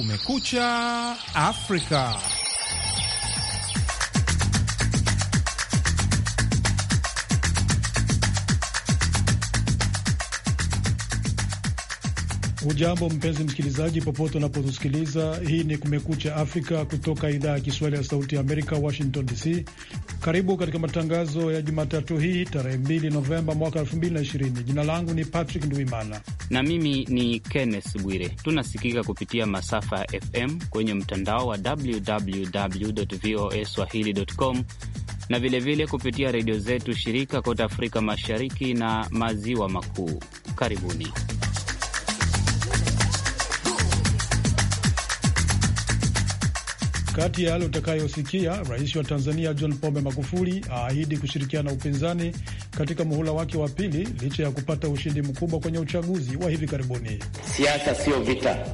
Kumekucha Afrika. ujambo mpenzi msikilizaji, popote unapotusikiliza. Hii ni Kumekucha Afrika kutoka idhaa ya Kiswahili ya Sauti ya Amerika, Washington DC. Karibu katika matangazo ya Jumatatu hii tarehe 2 Novemba mwaka 2020. Jina langu ni Patrick Ndwimana na mimi ni Kenneth Bwire. Tunasikika kupitia masafa ya FM kwenye mtandao wa www voa swahili com na vilevile vile kupitia redio zetu shirika kote Afrika Mashariki na Maziwa Makuu. Karibuni. Kati ya yale utakayosikia, rais wa Tanzania John Pombe Magufuli aahidi kushirikiana na upinzani katika muhula wake wa pili licha ya kupata ushindi mkubwa kwenye uchaguzi wa hivi karibuni. Siasa sio vita,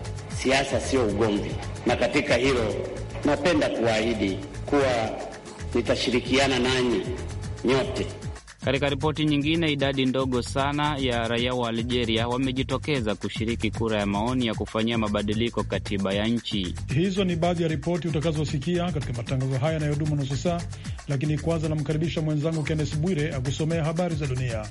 siasa sio ugomvi, na katika hilo napenda kuwaahidi kuwa nitashirikiana nanyi nyote katika ripoti nyingine, idadi ndogo sana ya raia wa Algeria wamejitokeza kushiriki kura ya maoni ya kufanyia mabadiliko katiba ya nchi. Hizo ni baadhi ya ripoti utakazosikia katika matangazo haya yanayodumu nusu saa, lakini kwanza namkaribisha mwenzangu Kennes Bwire akusomea habari za dunia.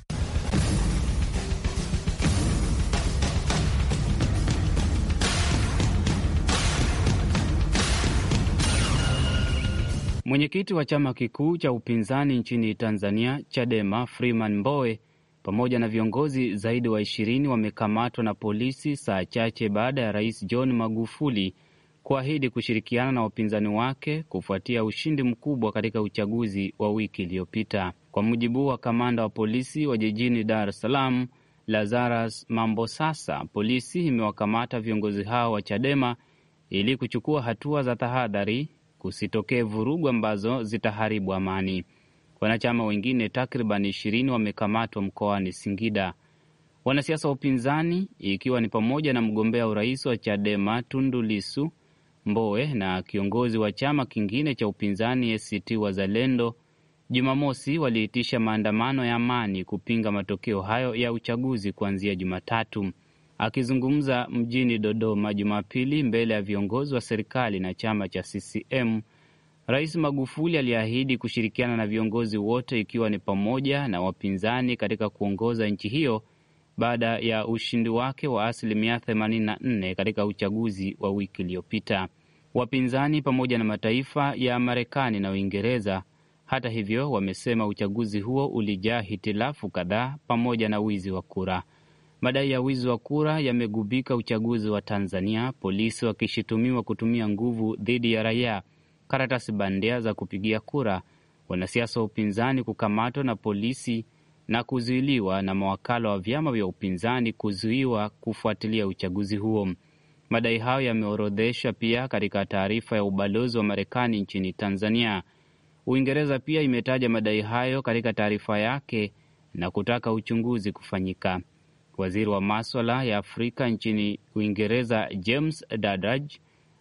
Mwenyekiti wa chama kikuu cha upinzani nchini Tanzania, Chadema, Freeman Mbowe pamoja na viongozi zaidi wa ishirini wamekamatwa na polisi saa chache baada ya Rais John Magufuli kuahidi kushirikiana na wapinzani wake kufuatia ushindi mkubwa katika uchaguzi wa wiki iliyopita. Kwa mujibu wa kamanda wa polisi wa jijini Dar es Salaam, Lazarus Mambosasa, polisi imewakamata viongozi hao wa Chadema ili kuchukua hatua za tahadhari kusitokee vurugu ambazo zitaharibu amani. Wanachama wengine takriban ishirini wamekamatwa mkoani Singida. Wanasiasa wa upinzani ikiwa ni pamoja na mgombea urais wa Chadema Tundu Lisu Mbowe na kiongozi wa chama kingine cha upinzani ACT Wazalendo Jumamosi waliitisha maandamano ya amani kupinga matokeo hayo ya uchaguzi kuanzia Jumatatu. Akizungumza mjini Dodoma Jumapili mbele ya viongozi wa serikali na chama cha CCM, Rais Magufuli aliahidi kushirikiana na viongozi wote ikiwa ni pamoja na wapinzani katika kuongoza nchi hiyo baada ya ushindi wake wa asilimia 84 katika uchaguzi wa wiki iliyopita. Wapinzani pamoja na mataifa ya Marekani na Uingereza, hata hivyo, wamesema uchaguzi huo ulijaa hitilafu kadhaa pamoja na wizi wa kura. Madai ya wizi wa kura yamegubika uchaguzi wa Tanzania, polisi wakishutumiwa kutumia nguvu dhidi ya raia, karatasi bandia za kupigia kura, wanasiasa wa upinzani kukamatwa na polisi na kuzuiliwa, na mawakala wa vyama vya upinzani kuzuiwa kufuatilia uchaguzi huo. Madai hayo yameorodheshwa pia katika taarifa ya ubalozi wa Marekani nchini Tanzania. Uingereza pia imetaja madai hayo katika taarifa yake na kutaka uchunguzi kufanyika. Waziri wa maswala ya Afrika nchini Uingereza James Dadaj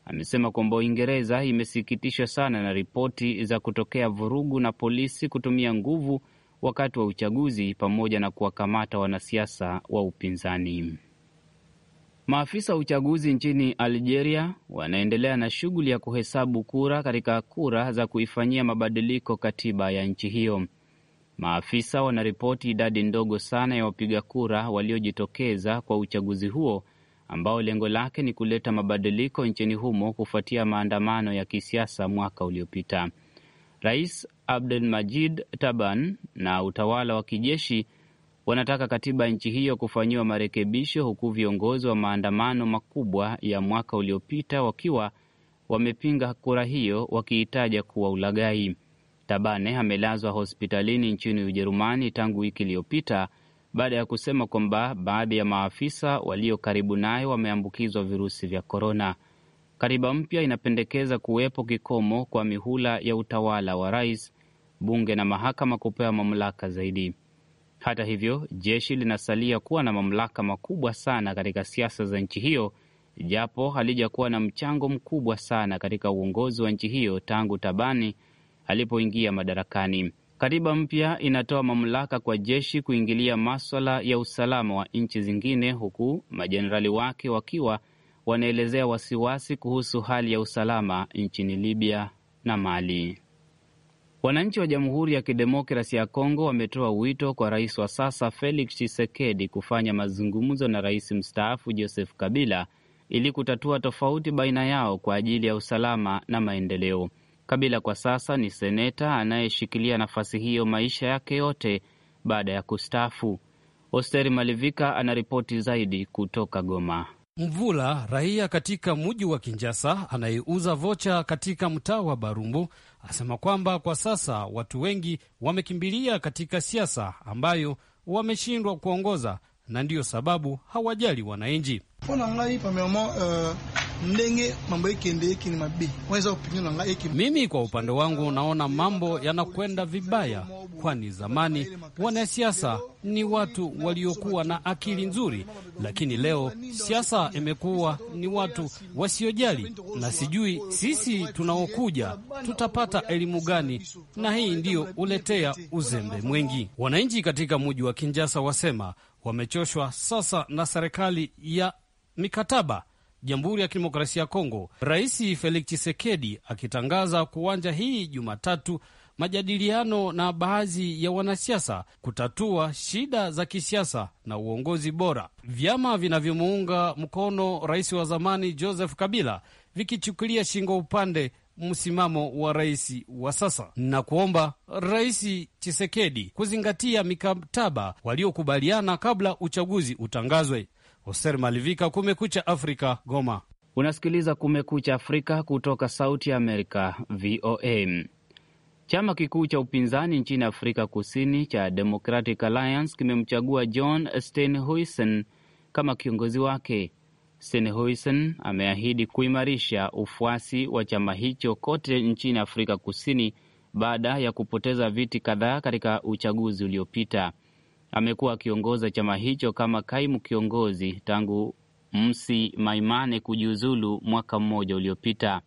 amesema kwamba Uingereza imesikitishwa sana na ripoti za kutokea vurugu na polisi kutumia nguvu wakati wa uchaguzi pamoja na kuwakamata wanasiasa wa upinzani. Maafisa wa uchaguzi nchini Algeria wanaendelea na shughuli ya kuhesabu kura katika kura za kuifanyia mabadiliko katiba ya nchi hiyo. Maafisa wanaripoti idadi ndogo sana ya wapiga kura waliojitokeza kwa uchaguzi huo ambao lengo lake ni kuleta mabadiliko nchini humo kufuatia maandamano ya kisiasa mwaka uliopita. Rais majid Taban na utawala wa kijeshi wanataka katiba ya nchi hiyo kufanyiwa marekebisho, huku viongozi wa maandamano makubwa ya mwaka uliopita wakiwa wamepinga kura hiyo wakiitaja kuwa ulaghai. Tabane amelazwa hospitalini nchini Ujerumani tangu wiki iliyopita baada ya kusema kwamba baadhi ya maafisa walio karibu naye wameambukizwa virusi vya korona. Katiba mpya inapendekeza kuwepo kikomo kwa mihula ya utawala wa rais, bunge na mahakama kupewa mamlaka zaidi. Hata hivyo, jeshi linasalia kuwa na mamlaka makubwa sana katika siasa za nchi hiyo, japo halijakuwa na mchango mkubwa sana katika uongozi wa nchi hiyo tangu Tabani alipoingia madarakani. Katiba mpya inatoa mamlaka kwa jeshi kuingilia maswala ya usalama wa nchi zingine, huku majenerali wake wakiwa wanaelezea wasiwasi kuhusu hali ya usalama nchini Libya na Mali. Wananchi wa Jamhuri ya Kidemokrasi ya Kongo wametoa wito kwa rais wa sasa Felix Tshisekedi kufanya mazungumzo na rais mstaafu Joseph Kabila ili kutatua tofauti baina yao kwa ajili ya usalama na maendeleo. Kabila kwa sasa ni seneta anayeshikilia nafasi hiyo maisha yake yote baada ya kustaafu. Osteri Malivika anaripoti zaidi kutoka Goma. Mvula raia katika muji wa Kinjasa anayeuza vocha katika mtaa wa Barumbu asema kwamba kwa sasa watu wengi wamekimbilia katika siasa ambayo wameshindwa kuongoza na ndiyo sababu hawajali wananchi ndenge mambo yake ende ni waweza kupingana na yake. Mimi kwa upande wangu naona mambo yanakwenda vibaya, kwani zamani wanasiasa ni watu waliokuwa na akili nzuri, lakini leo siasa imekuwa ni watu wasiojali, na sijui sisi tunaokuja tutapata elimu gani? Na hii ndiyo uletea uzembe mwingi. Wananchi katika muji wa Kinjasa wasema wamechoshwa sasa na serikali ya mikataba Jamhuri ya Kidemokrasia ya Kongo, Rais Felix Tshisekedi akitangaza kuanza hii Jumatatu majadiliano na baadhi ya wanasiasa kutatua shida za kisiasa na uongozi bora, vyama vinavyomuunga mkono rais wa zamani Joseph Kabila vikichukulia shingo upande msimamo wa rais wa sasa na kuomba rais Chisekedi kuzingatia mikataba waliokubaliana kabla uchaguzi utangazwe. Hoser Malivika, Kumekucha Afrika, Goma. Unasikiliza Kumekucha Afrika kutoka Sauti ya Amerika, VOA. Chama kikuu cha upinzani nchini Afrika Kusini cha Democratic Alliance kimemchagua John Steenhuisen kama kiongozi wake. Steenhuisen ameahidi kuimarisha ufuasi wa chama hicho kote nchini Afrika Kusini baada ya kupoteza viti kadhaa katika uchaguzi uliopita amekuwa akiongoza chama hicho kama kaimu kiongozi tangu Msi Maimane kujiuzulu mwaka mmoja uliopita.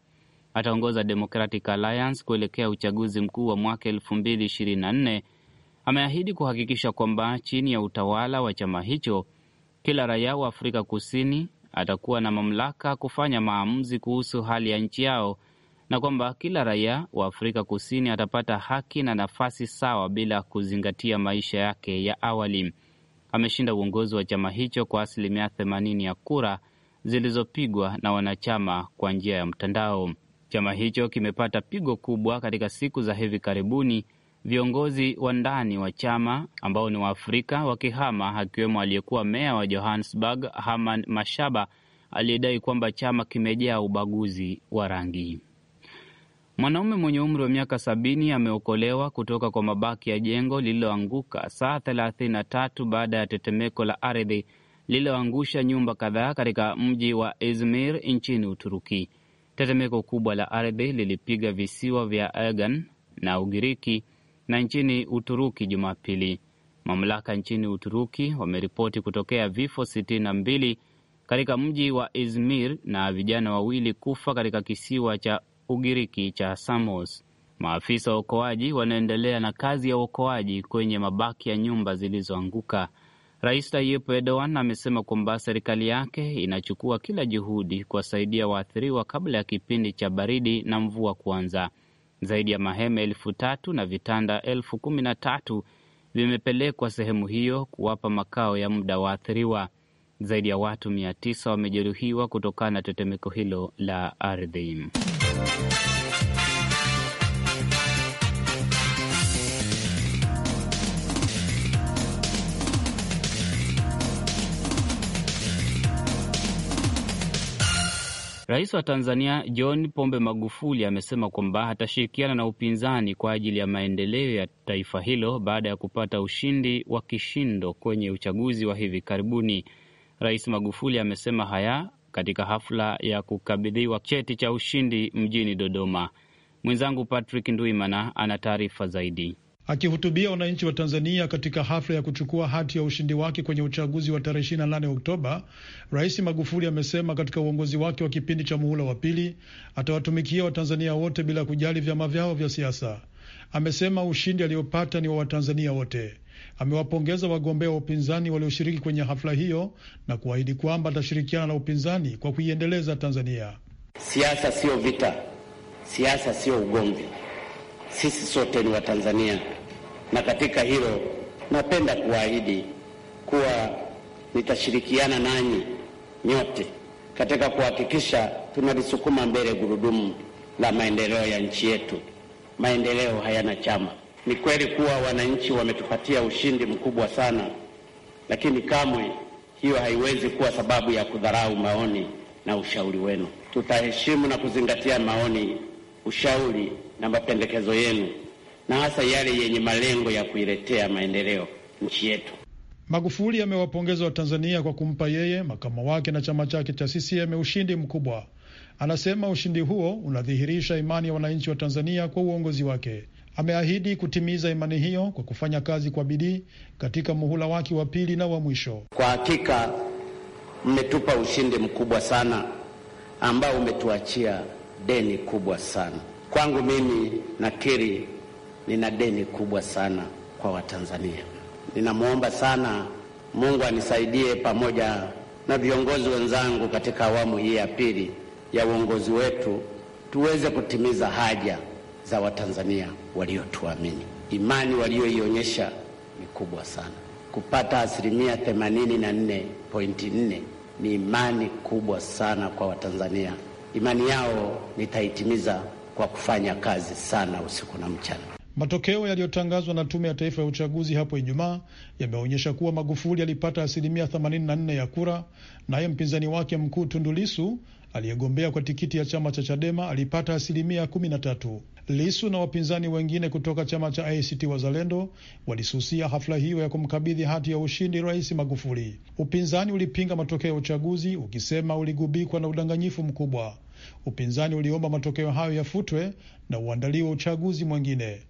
Ataongoza Democratic Alliance kuelekea uchaguzi mkuu wa mwaka elfu mbili ishirini na nne. Ameahidi kuhakikisha kwamba chini ya utawala wa chama hicho kila raia wa Afrika Kusini atakuwa na mamlaka kufanya maamuzi kuhusu hali ya nchi yao na kwamba kila raia wa Afrika Kusini atapata haki na nafasi sawa bila kuzingatia maisha yake ya awali. Ameshinda uongozi wa chama hicho kwa asilimia 80 ya kura zilizopigwa na wanachama kwa njia ya mtandao. Chama hicho kimepata pigo kubwa katika siku za hivi karibuni, viongozi wa ndani wa chama ambao ni Waafrika wakihama, akiwemo aliyekuwa meya wa Johannesburg Herman Mashaba aliyedai kwamba chama kimejaa ubaguzi wa rangi. Mwanaume mwenye umri wa miaka sabini ameokolewa kutoka kwa mabaki ya jengo lililoanguka saa thelathini na tatu baada ya tetemeko la ardhi lililoangusha nyumba kadhaa katika mji wa Izmir nchini Uturuki. Tetemeko kubwa la ardhi lilipiga visiwa vya Aegean na Ugiriki na nchini Uturuki Jumapili. Mamlaka nchini Uturuki wameripoti kutokea vifo sitini na mbili katika mji wa Izmir na vijana wawili kufa katika kisiwa cha Ugiriki cha Samos. Maafisa wa uokoaji wanaendelea na kazi ya uokoaji kwenye mabaki ya nyumba zilizoanguka. Rais Tayyip Erdogan amesema kwamba serikali yake inachukua kila juhudi kuwasaidia waathiriwa kabla ya kipindi cha baridi na mvua kuanza. Zaidi ya mahema elfu tatu na vitanda elfu kumi na tatu vimepelekwa sehemu hiyo kuwapa makao ya muda waathiriwa. Zaidi ya watu mia tisa wamejeruhiwa kutokana na tetemeko hilo la ardhi. Rais wa Tanzania John Pombe Magufuli amesema kwamba atashirikiana na upinzani kwa ajili ya maendeleo ya taifa hilo baada ya kupata ushindi wa kishindo kwenye uchaguzi wa hivi karibuni. Rais Magufuli amesema haya katika hafla ya kukabidhiwa cheti cha ushindi mjini Dodoma. Mwenzangu Patrick Ndwimana ana taarifa zaidi. Akihutubia wananchi wa Tanzania katika hafla ya kuchukua hati ya ushindi wake kwenye uchaguzi wa tarehe 28 Oktoba, Rais Magufuli amesema katika uongozi wake wa kipindi cha muhula wa pili atawatumikia Watanzania wote bila kujali vyama vyao vya siasa. Amesema ushindi aliyopata ni wa Watanzania wote amewapongeza wagombea wa upinzani walioshiriki kwenye hafla hiyo na kuahidi kwamba atashirikiana na upinzani kwa kuiendeleza Tanzania. Siasa siyo vita, siasa siyo ugomvi. Sisi sote ni Watanzania, na katika hilo napenda kuwaahidi kuwa nitashirikiana nanyi nyote katika kuhakikisha tunalisukuma mbele gurudumu la maendeleo ya nchi yetu. Maendeleo hayana chama. Ni kweli kuwa wananchi wametupatia ushindi mkubwa sana, lakini kamwe hiyo haiwezi kuwa sababu ya kudharau maoni na ushauri wenu. Tutaheshimu na kuzingatia maoni, ushauri na mapendekezo yenu, na hasa yale yenye malengo ya kuiletea maendeleo nchi yetu. Magufuli amewapongeza Watanzania kwa kumpa yeye, makamo wake na chama chake cha CCM ushindi mkubwa. Anasema ushindi huo unadhihirisha imani ya wananchi wa Tanzania kwa uongozi wake. Ameahidi kutimiza imani hiyo kwa kufanya kazi kwa bidii katika muhula wake wa pili na wa mwisho. Kwa hakika mmetupa ushindi mkubwa sana ambao umetuachia deni kubwa sana. Kwangu mimi nakiri, nina deni kubwa sana kwa Watanzania. Ninamwomba sana Mungu anisaidie pamoja na viongozi wenzangu katika awamu hii ya pili ya uongozi wetu tuweze kutimiza haja za Watanzania waliotuamini. Imani walioionyesha ni kubwa sana. Kupata asilimia 84.4 ni imani kubwa sana kwa Watanzania. Imani yao nitaitimiza kwa kufanya kazi sana usiku na mchana. Matokeo yaliyotangazwa na Tume ya Taifa ya Uchaguzi hapo Ijumaa yameonyesha kuwa Magufuli alipata asilimia 84 ya kura, naye mpinzani wake mkuu tundulisu aliyegombea kwa tikiti ya chama cha Chadema alipata asilimia tatu. Lisu na wapinzani wengine kutoka chama cha ACT Wazalendo walisusia hafla hiyo ya kumkabidhi hati ya ushindi Rais Magufuli. Upinzani ulipinga matokeo ya uchaguzi ukisema uligubikwa na udanganyifu mkubwa. Upinzani uliomba matokeo hayo yafutwe na uandaliwe uchaguzi mwingine.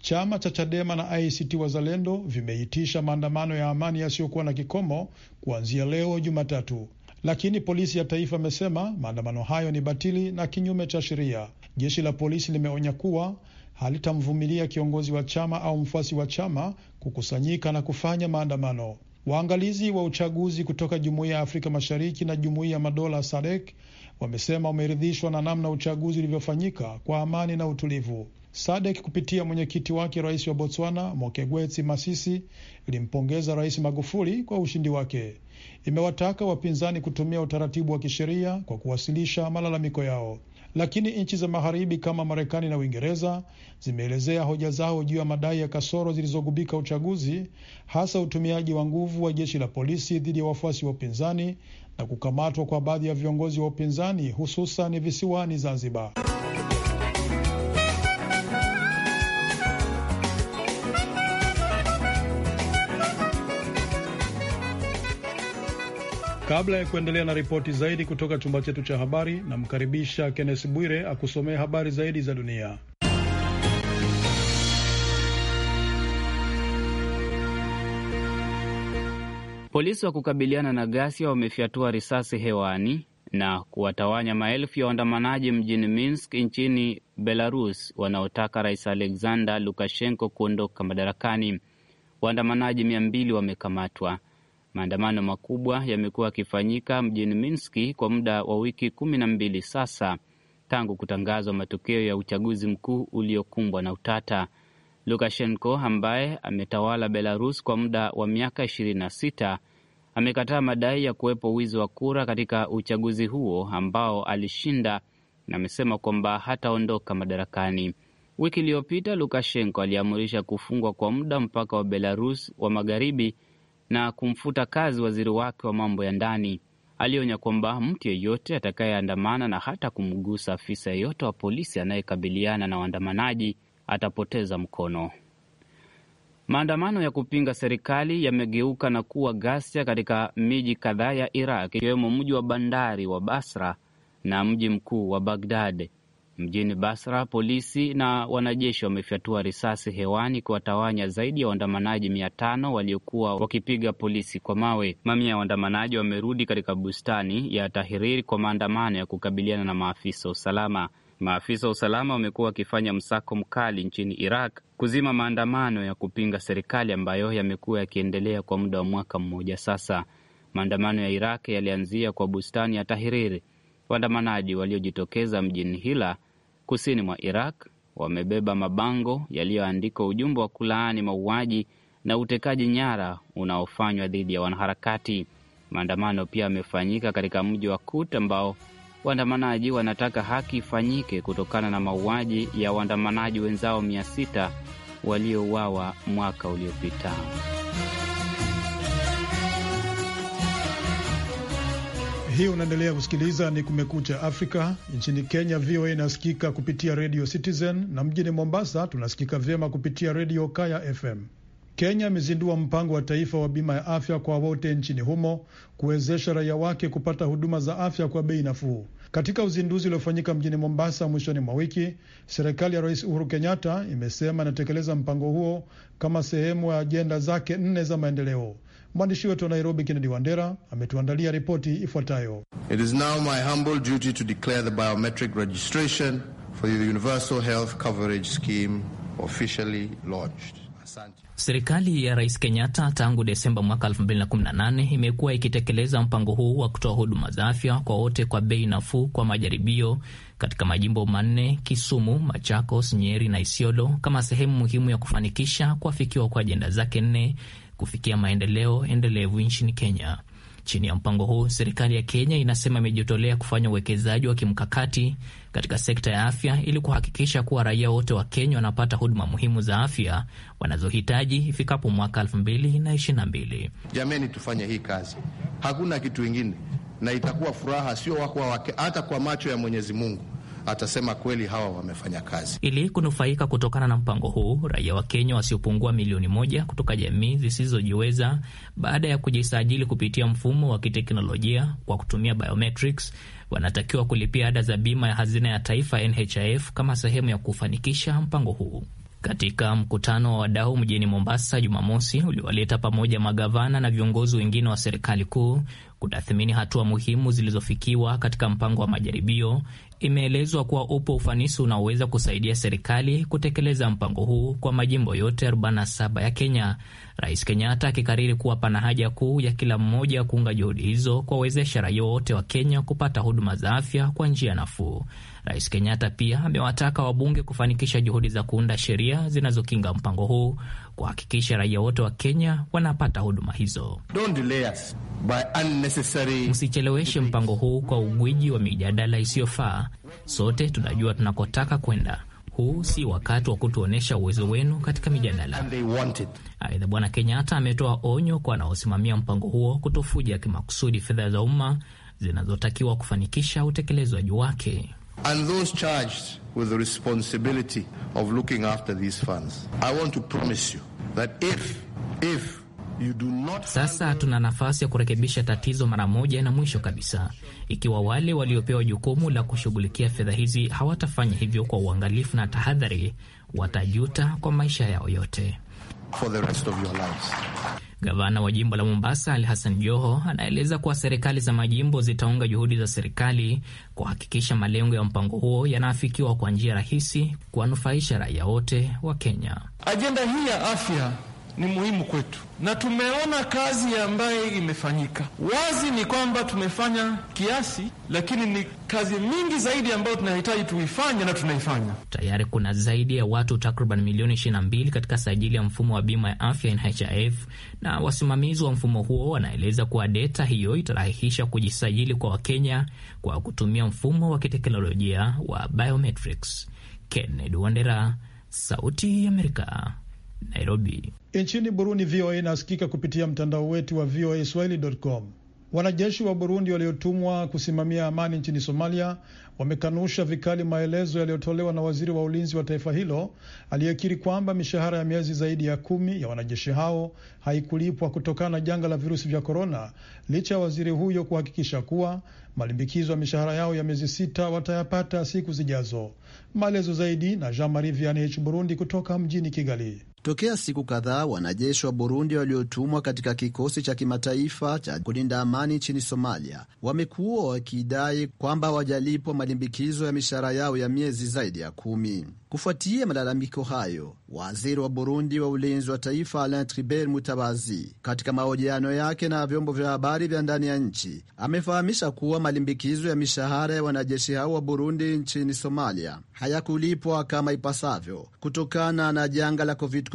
Chama cha Chadema na ACT Wazalendo vimeitisha maandamano ya amani yasiyokuwa na kikomo kuanzia leo Jumatatu lakini polisi ya taifa imesema maandamano hayo ni batili na kinyume cha sheria. Jeshi la polisi limeonya kuwa halitamvumilia kiongozi wa chama au mfuasi wa chama kukusanyika na kufanya maandamano. Waangalizi wa uchaguzi kutoka Jumuiya ya Afrika Mashariki na Jumuiya ya Madola SADEK wamesema wameridhishwa na namna uchaguzi ulivyofanyika kwa amani na utulivu. SADEK kupitia mwenyekiti wake rais wa Botswana Mokgweetsi Masisi ilimpongeza Rais Magufuli kwa ushindi wake imewataka wapinzani kutumia utaratibu wa kisheria kwa kuwasilisha malalamiko yao, lakini nchi za magharibi kama Marekani na Uingereza zimeelezea hoja zao juu ya madai ya kasoro zilizogubika uchaguzi, hasa utumiaji wa nguvu wa jeshi la polisi dhidi ya wafuasi wa upinzani na kukamatwa kwa baadhi ya viongozi wa upinzani hususan visiwani Zanzibar. Kabla ya kuendelea na ripoti zaidi kutoka chumba chetu cha habari, namkaribisha Kennes Bwire akusomee habari zaidi za dunia. Polisi wa kukabiliana na ghasia wamefyatua risasi hewani na kuwatawanya maelfu ya waandamanaji mjini Minsk nchini Belarus wanaotaka rais Alexander Lukashenko kuondoka madarakani. Waandamanaji mia mbili wamekamatwa. Maandamano makubwa yamekuwa yakifanyika mjini Minski kwa muda wa wiki kumi na mbili sasa tangu kutangazwa matokeo ya uchaguzi mkuu uliokumbwa na utata. Lukashenko ambaye ametawala Belarus kwa muda wa miaka ishirini na sita amekataa madai ya kuwepo wizi wa kura katika uchaguzi huo ambao alishinda na amesema kwamba hataondoka madarakani. Wiki iliyopita Lukashenko aliamurisha kufungwa kwa muda mpaka wa Belarus wa magharibi na kumfuta kazi waziri wake wa mambo ya ndani. Alionya kwamba mtu yeyote atakayeandamana na hata kumgusa afisa yeyote wa polisi anayekabiliana na waandamanaji atapoteza mkono. Maandamano ya kupinga serikali yamegeuka na kuwa ghasia katika miji kadhaa ya Iraq, ikiwemo mji wa bandari wa Basra na mji mkuu wa Bagdad. Mjini Basra, polisi na wanajeshi wamefyatua risasi hewani kuwatawanya zaidi ya waandamanaji mia tano waliokuwa wakipiga polisi kwa mawe. Mamia ya waandamanaji wamerudi katika bustani ya Tahriri kwa maandamano ya kukabiliana na maafisa wa usalama. Maafisa wa usalama wamekuwa wakifanya msako mkali nchini Iraq kuzima maandamano ya kupinga serikali ambayo yamekuwa yakiendelea kwa muda wa mwaka mmoja sasa. Maandamano ya Iraq yalianzia kwa bustani ya tahiriri Waandamanaji waliojitokeza mjini Hila kusini mwa Iraq wamebeba mabango yaliyoandikwa ujumbe wa kulaani mauaji na utekaji nyara unaofanywa dhidi ya wanaharakati. Maandamano pia yamefanyika katika mji wa Kut ambao waandamanaji wanataka haki ifanyike kutokana na mauaji ya waandamanaji wenzao mia sita waliouawa mwaka uliopita. Hii unaendelea kusikiliza ni Kumekucha Afrika. Nchini Kenya, VOA inasikika kupitia redio Citizen na mjini Mombasa tunasikika vyema kupitia redio Kaya FM. Kenya imezindua mpango wa taifa wa bima ya afya kwa wote nchini humo kuwezesha raia wake kupata huduma za afya kwa bei nafuu. Katika uzinduzi uliofanyika mjini Mombasa mwishoni mwa wiki, serikali ya Rais Uhuru Kenyatta imesema inatekeleza mpango huo kama sehemu ya ajenda zake nne za maendeleo. Mwandishi wetu wa Nairobi, Kennedy Wandera, ametuandalia ripoti ifuatayo. It is now my humble duty to declare the biometric registration for the universal health coverage scheme officially launched. Serikali ya Rais Kenyatta tangu Desemba mwaka 2018 imekuwa ikitekeleza mpango huu wa kutoa huduma za afya kwa wote kwa bei nafuu kwa majaribio katika majimbo manne: Kisumu, Machakos, Nyeri na Isiolo, kama sehemu muhimu ya kufanikisha kuafikiwa kwa ajenda zake nne kufikia maendeleo endelevu nchini Kenya. Chini ya mpango huu, serikali ya Kenya inasema imejitolea kufanya uwekezaji wa kimkakati katika sekta ya afya ili kuhakikisha kuwa raia wote wa Kenya wanapata huduma muhimu za afya wanazohitaji ifikapo mwaka 2022. Jameni, tufanye hii kazi, hakuna kitu ingine, na itakuwa furaha sio wako hata kwa macho ya Mwenyezi Mungu atasema kweli hawa wamefanya kazi. Ili kunufaika kutokana na mpango huu, raia wa Kenya wasiopungua milioni moja kutoka jamii zisizojiweza, baada ya kujisajili kupitia mfumo wa kiteknolojia kwa kutumia biometrics, wanatakiwa kulipia ada za bima ya hazina ya taifa NHIF kama sehemu ya kufanikisha mpango huu. Katika mkutano wa wadau mjini Mombasa Jumamosi uliowaleta pamoja magavana na viongozi wengine wa serikali kuu, kutathmini hatua muhimu zilizofikiwa katika mpango wa majaribio, imeelezwa kuwa upo ufanisi unaoweza kusaidia serikali kutekeleza mpango huu kwa majimbo yote 47 ya Kenya. Rais Kenyatta akikariri kuwa pana haja kuu ya kila mmoja kuunga juhudi hizo kuwawezesha raia wote wa Kenya kupata huduma za afya kwa njia nafuu. Rais Kenyatta pia amewataka wabunge kufanikisha juhudi za kuunda sheria zinazokinga mpango huu, kuhakikisha raia wote wa Kenya wanapata huduma hizo. Msicheleweshe mpango huu kwa ugwiji wa mijadala isiyofaa. Sote tunajua tunakotaka kwenda. Huu si wakati wa kutuonyesha uwezo wenu katika mijadala. Aidha, Bwana Kenyatta ametoa onyo kwa wanaosimamia mpango huo kutofuja kimakusudi fedha za umma zinazotakiwa kufanikisha utekelezwaji wake. And those charged with the responsibility of looking after these funds. I want to promise you that if, if You do not... Sasa tuna nafasi ya kurekebisha tatizo mara moja na mwisho kabisa. Ikiwa wale waliopewa jukumu la kushughulikia fedha hizi hawatafanya hivyo kwa uangalifu na tahadhari, watajuta kwa maisha yao yote. For the rest of your lives. Gavana wa jimbo la Mombasa Ali Hassan Joho anaeleza kuwa serikali za majimbo zitaunga juhudi za serikali kuhakikisha malengo ya mpango huo yanaafikiwa kwa njia rahisi kuwanufaisha raia wote wa Kenya. Ajenda hii ya afya ni muhimu kwetu, na tumeona kazi ambayo imefanyika. Wazi ni kwamba tumefanya kiasi, lakini ni kazi mingi zaidi ambayo tunahitaji tuifanye na tunaifanya tayari. Kuna zaidi ya watu takriban milioni 22 katika sajili ya mfumo wa bima ya afya NHIF, na wasimamizi wa mfumo huo wanaeleza kuwa deta hiyo itarahisisha kujisajili kwa Wakenya kwa kutumia mfumo wa kiteknolojia wa biometrics. Kennedy Wandera, Sauti ya Amerika. Nairobi. Nchini Burundi, VOA inasikika kupitia mtandao wetu wa VOA Swahili.com. Wanajeshi wa Burundi waliotumwa kusimamia amani nchini Somalia wamekanusha vikali maelezo yaliyotolewa na waziri wa ulinzi wa taifa hilo aliyekiri kwamba mishahara ya miezi zaidi ya kumi ya wanajeshi hao haikulipwa kutokana na janga la virusi vya korona, licha ya waziri huyo kuhakikisha kuwa malimbikizo ya mishahara yao ya miezi sita watayapata siku zijazo. Maelezo zaidi na Jean Marie Vianney Burundi kutoka mjini Kigali. Tokea siku kadhaa wanajeshi wa Burundi waliotumwa katika kikosi cha kimataifa cha kulinda amani nchini Somalia wamekuwa wakidai kwamba wajalipwa malimbikizo ya mishahara yao ya miezi zaidi ya kumi. Kufuatia malalamiko hayo, waziri wa Burundi wa ulinzi wa taifa Alain Tribert Mutabazi, katika mahojiano yake na vyombo vya habari vya ndani ya nchi, amefahamisha kuwa malimbikizo ya mishahara ya wanajeshi hao wa Burundi nchini Somalia hayakulipwa kama ipasavyo kutokana na janga la COVID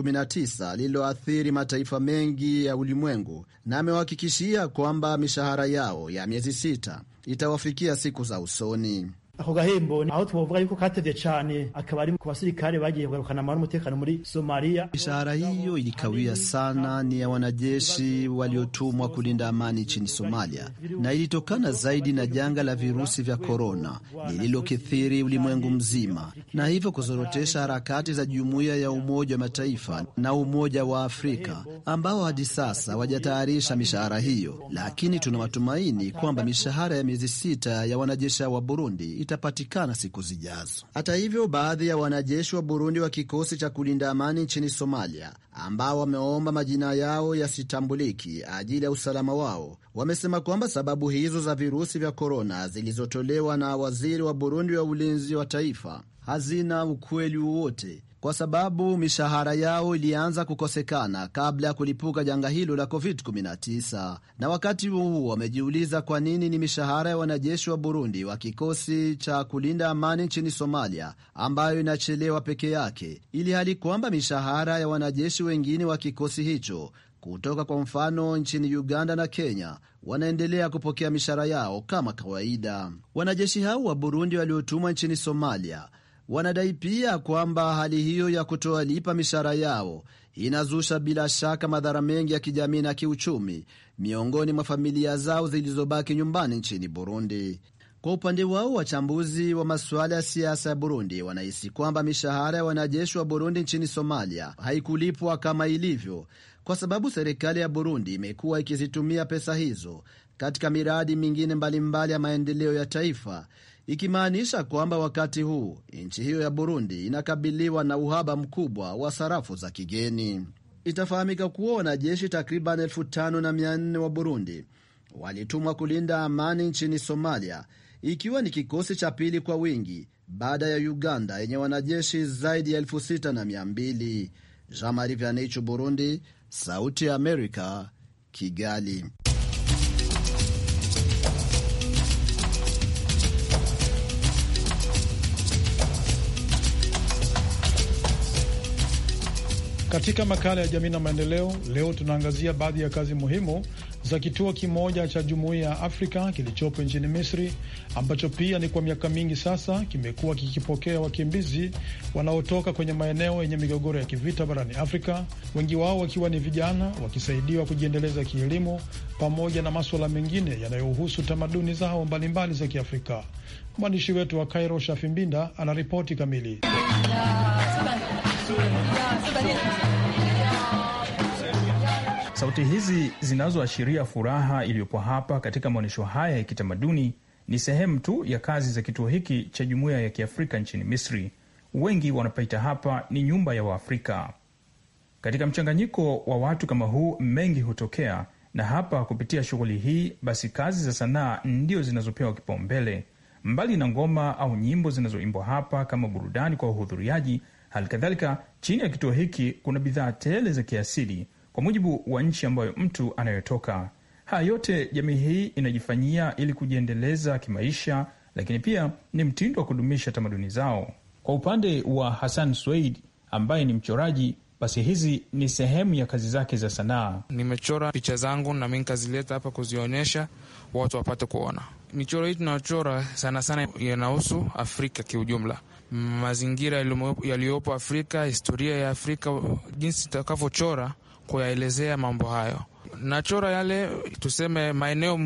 lililoathiri mataifa mengi ya ulimwengu na amewahakikishia kwamba mishahara yao ya miezi sita itawafikia siku za usoni ako gahembo aho twovuga yuko katevye cane akaba ari ku basirikare bagiye kugarukana amahoro n'umutekano muri Somalia. Mishahara hiyo ilikawia sana, ni ya wanajeshi waliotumwa kulinda amani nchini Somalia, na ilitokana zaidi na janga la virusi vya korona lililokithiri ulimwengu mzima, na hivyo kuzorotesha harakati za jumuiya ya Umoja wa Mataifa na Umoja wa Afrika ambao hadi sasa wajatayarisha mishahara hiyo, lakini tuna matumaini kwamba mishahara ya miezi sita ya wanajeshi wa Burundi itapatikana siku zijazo. Hata hivyo, baadhi ya wanajeshi wa Burundi wa kikosi cha kulinda amani nchini Somalia ambao wameomba majina yao yasitambuliki ajili ya usalama wao wamesema kwamba sababu hizo za virusi vya korona zilizotolewa na waziri wa Burundi wa ulinzi wa taifa hazina ukweli wowote kwa sababu mishahara yao ilianza kukosekana kabla ya kulipuka janga hilo la COVID-19. Na wakati huo huo wamejiuliza kwa nini ni mishahara ya wanajeshi wa Burundi wa kikosi cha kulinda amani nchini Somalia ambayo inachelewa peke yake, ili hali kwamba mishahara ya wanajeshi wengine wa kikosi hicho kutoka kwa mfano nchini Uganda na Kenya wanaendelea kupokea mishahara yao kama kawaida. Wanajeshi hao wa Burundi waliotumwa nchini Somalia Wanadai pia kwamba hali hiyo ya kutowalipa mishahara yao inazusha bila shaka madhara mengi ya kijamii na kiuchumi miongoni mwa familia zao zilizobaki nyumbani nchini Burundi. Kwa upande wao wachambuzi wa masuala ya siasa ya Burundi wanahisi kwamba mishahara ya wanajeshi wa Burundi nchini Somalia haikulipwa kama ilivyo, kwa sababu serikali ya Burundi imekuwa ikizitumia pesa hizo katika miradi mingine mbalimbali mbali ya maendeleo ya taifa, ikimaanisha kwamba wakati huu nchi hiyo ya Burundi inakabiliwa na uhaba mkubwa wa sarafu za kigeni. Itafahamika kuwa wanajeshi takriban elfu tano na mia nne wa Burundi walitumwa kulinda amani nchini Somalia, ikiwa ni kikosi cha pili kwa wingi baada ya Uganda yenye wanajeshi zaidi ya elfu sita na mia mbili. Jean Marie Vianney, Burundi, Sauti ya Amerika, Kigali. Katika makala ya jamii na maendeleo, leo tunaangazia baadhi ya kazi muhimu za kituo kimoja cha jumuiya ya Afrika kilichopo nchini Misri, ambacho pia ni kwa miaka mingi sasa kimekuwa kikipokea wakimbizi wanaotoka kwenye maeneo yenye migogoro ya kivita barani Afrika, wengi wao wakiwa ni vijana wakisaidiwa kujiendeleza kielimu, pamoja na maswala mengine yanayohusu tamaduni zao mbalimbali za Kiafrika. Mwandishi wetu wa Kairo, Shafi Mbinda, anaripoti kamili. Sauti hizi zinazoashiria furaha iliyopo hapa katika maonyesho haya ya kitamaduni ni sehemu tu ya kazi za kituo hiki cha jumuiya ya Kiafrika nchini Misri. Wengi wanapaita hapa ni nyumba ya Waafrika. Katika mchanganyiko wa watu kama huu, mengi hutokea, na hapa kupitia shughuli hii, basi kazi za sanaa ndio zinazopewa kipaumbele. Mbali na ngoma au nyimbo zinazoimbwa hapa kama burudani kwa wahudhuriaji, Halikadhalika, chini ya kituo hiki kuna bidhaa tele za kiasili kwa mujibu wa nchi ambayo mtu anayotoka. Haya yote jamii hii inajifanyia ili kujiendeleza kimaisha, lakini pia ni mtindo wa kudumisha tamaduni zao. Kwa upande wa Hassan Sweid ambaye ni mchoraji, basi hizi ni sehemu ya kazi zake za sanaa. Nimechora picha zangu na mi nikazileta hapa kuzionyesha watu wapate kuona. Michoro hii tunaochora sana sana yanahusu Afrika kiujumla mazingira yaliyopo Afrika, historia ya Afrika, jinsi itakavyochora kuyaelezea mambo hayo. Nachora yale tuseme maeneo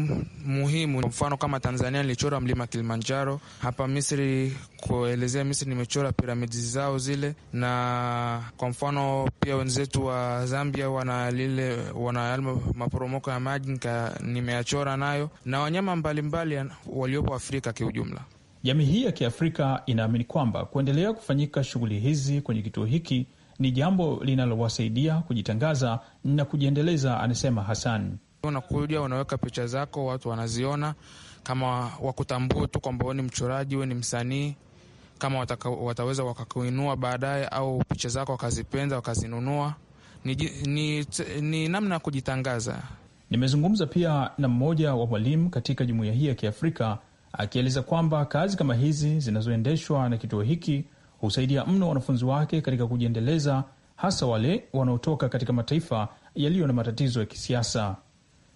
muhimu, kwa mfano kama Tanzania nilichora mlima Kilimanjaro, hapa Misri kuelezea Misri nimechora piramidi zao zile, na kwa mfano pia wenzetu wa Zambia wana lile wana maporomoko ya maji nimeyachora nayo, na wanyama mbalimbali waliopo Afrika kiujumla. Jamii hii ya Kiafrika inaamini kwamba kuendelea kufanyika shughuli hizi kwenye kituo hiki ni jambo linalowasaidia kujitangaza na kujiendeleza, anasema Hasan. Unakuja unaweka picha zako, watu wanaziona, kama wakutambua tu kwamba we ni mchoraji, we ni msanii, kama wataka, wataweza wakakuinua baadaye, au picha zako wakazipenda, wakazinunua. Ni, ni, ni namna ya kujitangaza. Nimezungumza pia na mmoja wa mwalimu katika jumuiya hii ya Kiafrika akieleza kwamba kazi kama hizi zinazoendeshwa na kituo hiki husaidia mno wanafunzi wake katika kujiendeleza, hasa wale wanaotoka katika mataifa yaliyo na matatizo ya kisiasa,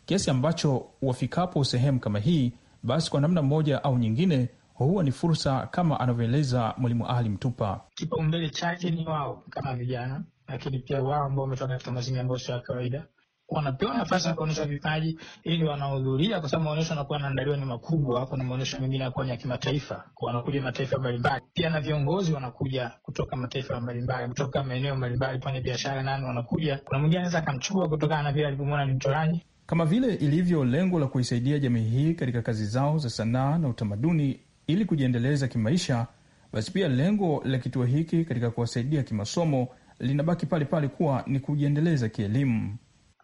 kiasi ambacho wafikapo sehemu kama hii, basi kwa namna moja au nyingine huwa ni fursa, kama anavyoeleza Mwalimu Ali Mtupa. Kipaumbele chake ni wao kama vijana, lakini pia wao ambao wametoka katika mazingira ambayo sio ya kawaida wanapewa nafasi ya kuonyesha vipaji ili wanahudhuria, kwa sababu maonyesho yanakuwa yanaandaliwa ni makubwa. Kuna maonyesho mengine yanakuwa ni ya kimataifa, wanakuja mataifa mbalimbali, pia na viongozi wanakuja kutoka mataifa mbalimbali, kutoka maeneo mbalimbali, fanya biashara nani wanakuja. Kuna mwingine anaweza akamchukua kutokana na vile alivyomwona ni mchoraji. Kama vile ilivyo lengo la kuisaidia jamii hii katika kazi zao za sanaa na utamaduni ili kujiendeleza kimaisha, basi pia lengo la kituo hiki katika kuwasaidia kimasomo linabaki pale pale kuwa ni kujiendeleza kielimu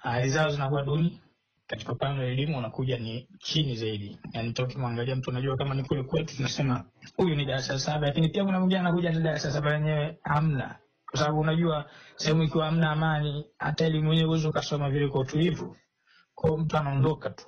hali ah, zao zinakuwa duni. Katika upande wa elimu unakuja ni chini zaidi, yani toki mwangalia mtu, unajua kama ni kule kwetu tunasema huyu ni darasa saba, lakini pia kuna mwingine anakuja ni darasa saba yenyewe hamna, kwa sababu unajua sehemu ikiwa hamna amani, hata elimu yenyewe uwezo ukasoma vile kwa utulivu, kwa mtu anaondoka tu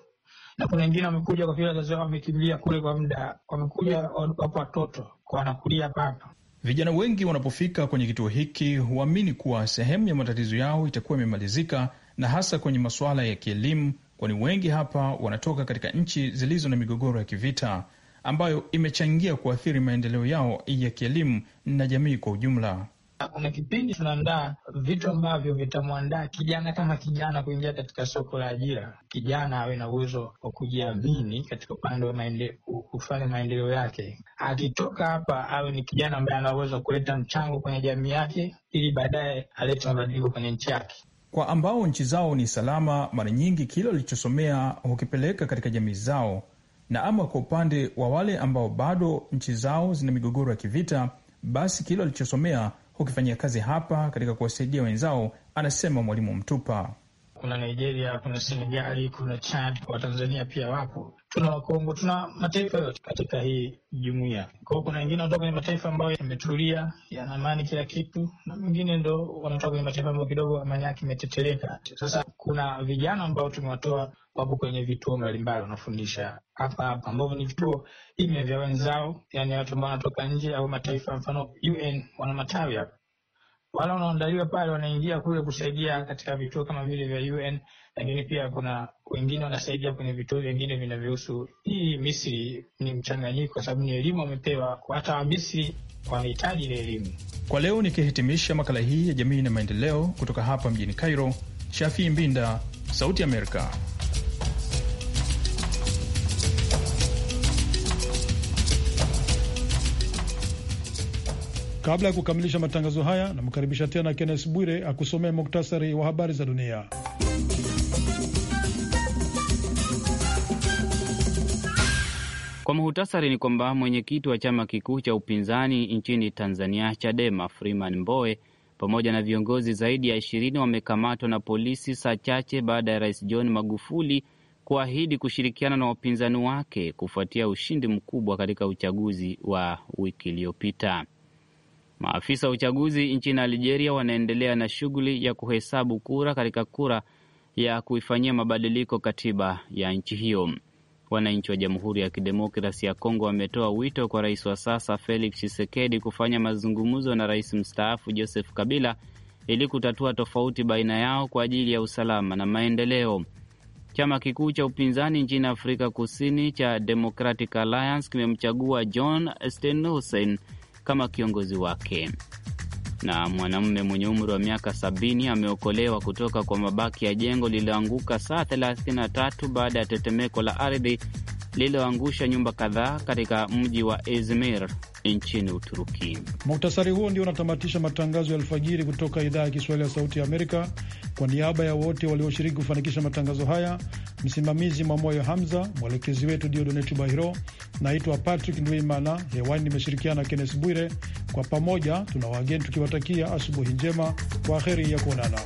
na kuna wengine wamekuja kwa vile wazazi wao wamekimbilia kule kwa muda, wamekuja wapo watoto kwa wanakulia papa. Vijana wengi wanapofika kwenye kituo hiki huamini kuwa sehemu ya matatizo yao itakuwa imemalizika na hasa kwenye masuala ya kielimu, kwani wengi hapa wanatoka katika nchi zilizo na migogoro ya kivita ambayo imechangia kuathiri maendeleo yao ya kielimu na jamii kwa ujumla. Kuna kipindi tunaandaa vitu ambavyo vitamwandaa kijana kama kijana kuingia katika soko la ajira, kijana awe na uwezo wa kujiamini katika upande wa maende, kufanya maendeleo yake. Akitoka hapa awe ni kijana ambaye ana uwezo wa kuleta mchango kwenye jamii yake, ili baadaye alete mabadiliko kwenye nchi yake kwa ambao nchi zao ni salama, mara nyingi kile walichosomea hukipeleka katika jamii zao, na ama kwa upande wa wale ambao bado nchi zao zina migogoro ya kivita, basi kile walichosomea hukifanyia kazi hapa katika kuwasaidia wenzao, anasema Mwalimu Mtupa. Kuna Nigeria, kuna Senegali, kuna Chad, Watanzania pia wapo tuna Wakongo, tuna mataifa yote katika hii jumuiya. Kwa hiyo kuna wengine wanatoka kwenye mataifa ambayo yametulia, yana amani kila kitu, na wengine ndo wanatoka kwenye mataifa ambayo kidogo amani yake imeteteleka. Sasa kuna vijana ambao tumewatoa wapo kwenye vituo mbalimbali wanafundisha hapa hapa, ambavyo ni vituo ime vya wenzao, yani watu ambao wanatoka nje au mataifa, mfano UN wana matawi hapa wale wanaoandaliwa pale wanaingia kule kusaidia katika vituo kama vile vya UN, lakini pia kuna wengine wanasaidia kwenye vituo vingine vinavyohusu hii. Misri ni mchanganyiko, kwa sababu ni elimu wamepewa, hata Wamisri wanahitaji ile elimu. Kwa leo nikihitimisha makala hii ya jamii na maendeleo kutoka hapa mjini Cairo, Shafii Mbinda, Sauti Amerika. Kabla ya kukamilisha matangazo haya, namkaribisha tena Kennes Bwire akusomea muktasari wa habari za dunia. Kwa muhutasari ni kwamba mwenyekiti wa chama kikuu cha upinzani nchini Tanzania, Chadema, Freeman Mbowe pamoja na viongozi zaidi ya ishirini wamekamatwa na polisi saa chache baada ya rais John Magufuli kuahidi kushirikiana na wapinzani wake kufuatia ushindi mkubwa katika uchaguzi wa wiki iliyopita. Maafisa wa uchaguzi nchini Algeria wanaendelea na shughuli ya kuhesabu kura katika kura ya kuifanyia mabadiliko katiba ya nchi hiyo. Wananchi wa Jamhuri ya Kidemokrasi ya Kongo wametoa wito kwa rais wa sasa Felix Tshisekedi kufanya mazungumzo na rais mstaafu Joseph Kabila ili kutatua tofauti baina yao kwa ajili ya usalama na maendeleo. Chama kikuu cha upinzani nchini Afrika Kusini cha Democratic Alliance kimemchagua John Steenhuisen kama kiongozi wake. Na mwanamume mwenye umri wa miaka sabini ameokolewa kutoka kwa mabaki ya jengo lililoanguka saa 33 baada ya tetemeko la ardhi lililoangusha nyumba kadhaa katika mji wa Izmir nchini Uturuki. Muktasari huo ndio unatamatisha matangazo ya alfajiri kutoka idhaa ya Kiswahili ya Sauti ya Amerika. Kwa niaba ya wote walioshiriki kufanikisha matangazo haya, msimamizi Mwamoyo Hamza, mwelekezi wetu Diodonetu Bahiro. Naitwa Patrick Ndwimana, hewani nimeshirikiana na Kennes Bwire. Kwa pamoja tuna wageni tukiwatakia asubuhi njema, kwa heri ya kuonana.